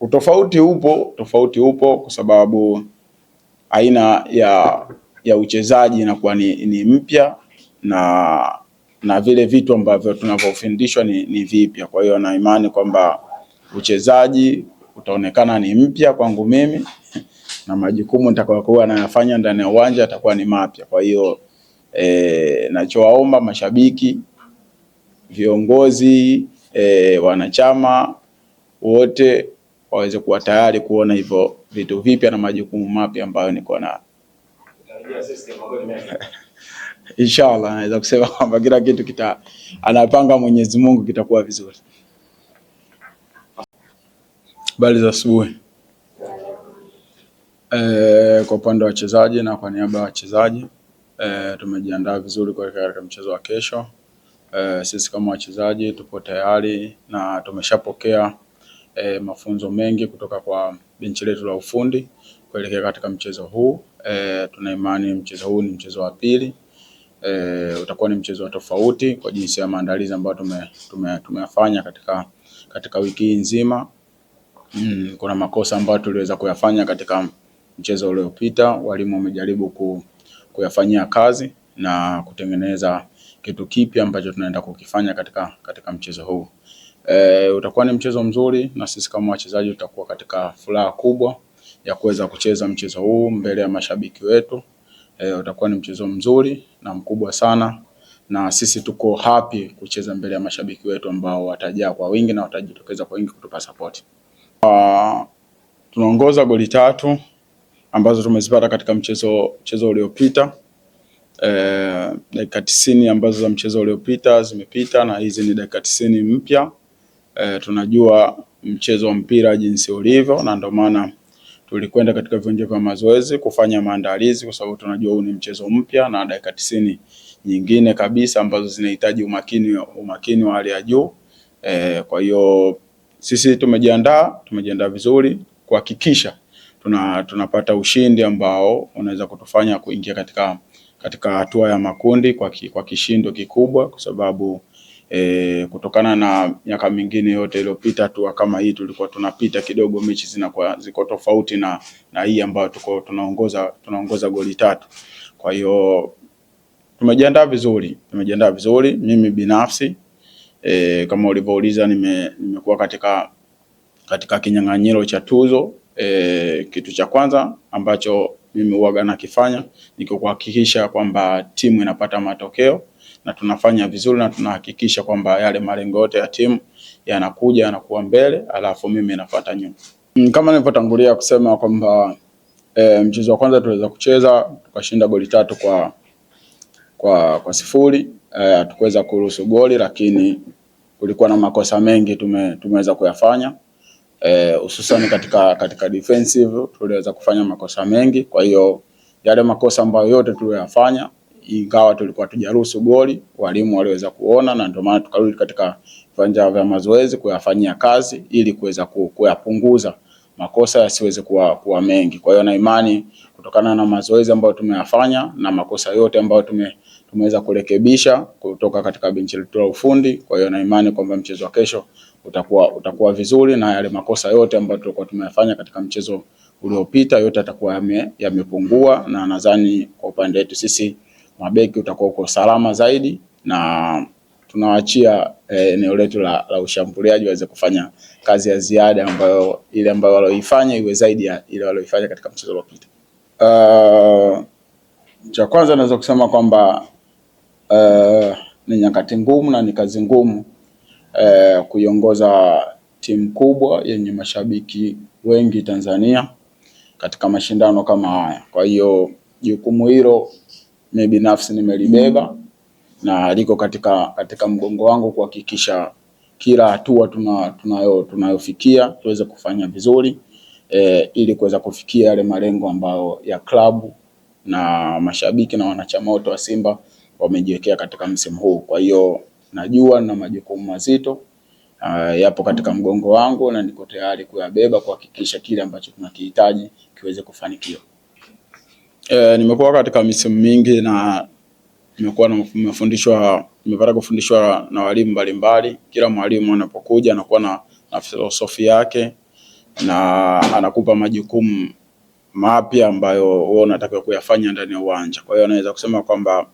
Utofauti upo, tofauti upo kwa sababu aina ya ya uchezaji inakuwa ni, ni mpya na na vile vitu ambavyo tunavyofundishwa ni, ni vipya. Kwa hiyo na imani kwamba uchezaji utaonekana ni mpya kwangu mimi na majukumu nitakayokuwa nayafanya ndani ya uwanja atakuwa ni mapya. Kwa hiyo e, nachowaomba mashabiki, viongozi e, wanachama wote waweze kuwa tayari kuona hivyo vitu vipya na majukumu mapya ambayo niko nayo. Inshallah, naweza kusema kwamba kila kitu kita anapanga Mwenyezi Mungu kitakuwa vizuri. Habari za asubuhi. E, kwa upande wa wachezaji na kwa niaba ya wachezaji e, tumejiandaa vizuri katika mchezo wa kesho. E, sisi kama wachezaji tupo tayari na tumeshapokea e, mafunzo mengi kutoka kwa benchi letu la ufundi kuelekea katika mchezo huu e, tuna imani mchezo huu ni mchezo wa pili e, utakuwa ni mchezo wa tofauti kwa jinsi ya maandalizi ambayo tume, tume, tumeyafanya katika, katika wiki hii nzima. Mm, kuna makosa ambayo tuliweza kuyafanya katika mchezo uliopita, walimu wamejaribu ku, kuyafanyia kazi na kutengeneza kitu kipya ambacho tunaenda kukifanya katika, katika mchezo huu. E, utakuwa ni mchezo mzuri na sisi kama wachezaji tutakuwa katika furaha kubwa ya kuweza kucheza mchezo huu mbele ya mashabiki wetu. E, utakuwa ni mchezo mzuri na mkubwa sana na sisi tuko happy kucheza mbele ya mashabiki wetu ambao watajaa kwa wingi na watajitokeza kwa wingi kutupa support. Uh, tunaongoza goli tatu ambazo tumezipata katika mchezo mchezo uliopita eh, dakika e, tisini ambazo za mchezo uliopita zimepita na hizi ni dakika tisini mpya e, tunajua mchezo wa mpira jinsi ulivyo, na ndio maana tulikwenda katika viwanja vya mazoezi kufanya maandalizi, kwa sababu tunajua huu ni mchezo mpya na dakika tisini nyingine kabisa ambazo zinahitaji umakini, umakini wa hali ya juu e, kwa hiyo sisi tumejiandaa, tumejiandaa vizuri kuhakikisha tuna, tunapata ushindi ambao unaweza kutufanya kuingia katika katika hatua ya makundi kwa, ki, kwa kishindo kikubwa kwa sababu E, kutokana na miaka mingine yote iliyopita tu kama hii tulikuwa tunapita kidogo, mechi zinakuwa ziko tofauti na, na hii ambayo tuko tunaongoza tunaongoza goli tatu. Kwa hiyo tumejiandaa vizuri, tumejiandaa vizuri. Mimi binafsi e, kama ulivyouliza, nime, nimekuwa katika katika kinyang'anyiro cha tuzo e, kitu cha kwanza ambacho mimi huwaga nakifanya ni kuhakikisha kwamba timu inapata matokeo na tunafanya vizuri na tunahakikisha kwamba yale malengo yote ya timu yanakuja yanakuwa mbele, alafu mimi nafuata nyuma. Mm, kama nilivyotangulia kusema kwamba e, mchezo wa kwanza tuliweza kucheza tukashinda goli tatu kwa, kwa, kwa sifuri eh, hatukuweza e, kuruhusu goli, lakini kulikuwa na makosa mengi tume, tumeweza kuyafanya eh, hususan e, katika, katika defensive tuliweza kufanya makosa mengi. Kwa hiyo yale makosa ambayo yote tuliyoyafanya ingawa tulikuwa tujaruhusu goli, walimu waliweza kuona, na ndio maana tukarudi katika viwanja vya mazoezi kuyafanyia kazi ili kuweza kuyapunguza makosa yasiweze kuwa, kuwa mengi. Kwa hiyo na imani kutokana na mazoezi ambayo tumeyafanya na makosa yote ambayo tume, tumeweza kurekebisha kutoka katika benchi letu la ufundi. Kwa hiyo na imani kwamba mchezo wa kesho utakuwa, utakuwa vizuri na yale makosa yote ambayo tulikuwa tumeyafanya katika mchezo uliopita yote atakuwa yamepungua, yame na nadhani kwa upande wetu sisi mabeki utakuwa uko salama zaidi, na tunawaachia eh, eneo eh, letu la, la ushambuliaji waweze kufanya kazi ya ziada ambayo ile ambayo waloifanya iwe zaidi ya ile waloifanya katika mchezo uliopita. Uh, cha kwanza naweza kusema kwamba uh, ni nyakati ngumu na ni kazi ngumu uh, kuiongoza timu kubwa yenye mashabiki wengi Tanzania katika mashindano kama haya. Kwa hiyo jukumu hilo mimi binafsi nimelibeba na liko katika, katika mgongo wangu kuhakikisha kila hatua tuna, tunayo, tunayofikia tuweze kufanya vizuri e, ili kuweza kufikia yale malengo ambayo ya klabu na mashabiki na wanachama wote wa Simba wamejiwekea katika msimu huu. Kwa hiyo najua na majukumu mazito Uh, yapo katika mgongo wangu na niko tayari kuyabeba kuhakikisha kile ambacho tunakihitaji kiweze kufanikiwa. E, nimekuwa katika misimu mingi na nimekuwa nimefundishwa, nimepata kufundishwa na walimu mbalimbali. Kila mwalimu anapokuja anakuwa na, na filosofi yake na anakupa majukumu mapya ambayo wewe unatakiwa kuyafanya ndani ya uwanja. Kwa hiyo anaweza kusema kwamba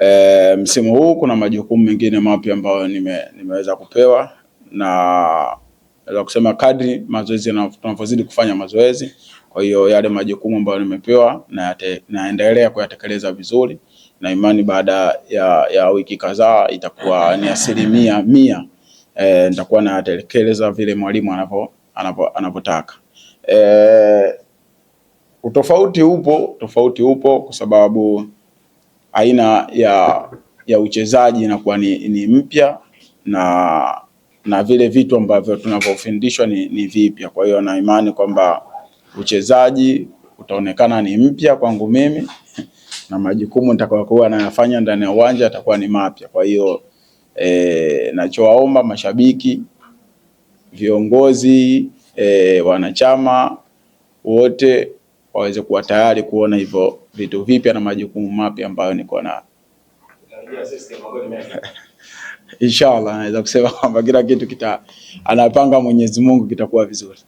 e, msimu huu kuna majukumu mengine mapya ambayo nime, nimeweza kupewa na Naweza kusema kadri mazoezi tunavyozidi kufanya mazoezi, kwa hiyo yale majukumu ambayo nimepewa na naendelea kuyatekeleza vizuri, na imani baada ya, ya wiki kadhaa itakuwa ni asilimia mia e, nitakuwa nayatekeleza vile mwalimu anapo anapotaka. E, utofauti upo, tofauti upo kwa sababu aina ya ya uchezaji inakuwa ni, ni mpya na na vile vitu ambavyo tunavyofundishwa ni, ni vipya. Kwa hiyo na imani kwamba uchezaji utaonekana ni mpya kwangu mimi na majukumu nitakayokuwa nayafanya ndani ya uwanja yatakuwa ni mapya. Kwa hiyo e, nachowaomba mashabiki, viongozi e, wanachama wote waweze kuwa tayari kuona hivyo vitu vipya na majukumu mapya ambayo niko nayo. Inshallah naweza kusema kwamba kila kitu kita anapanga Mwenyezi Mungu kitakuwa vizuri.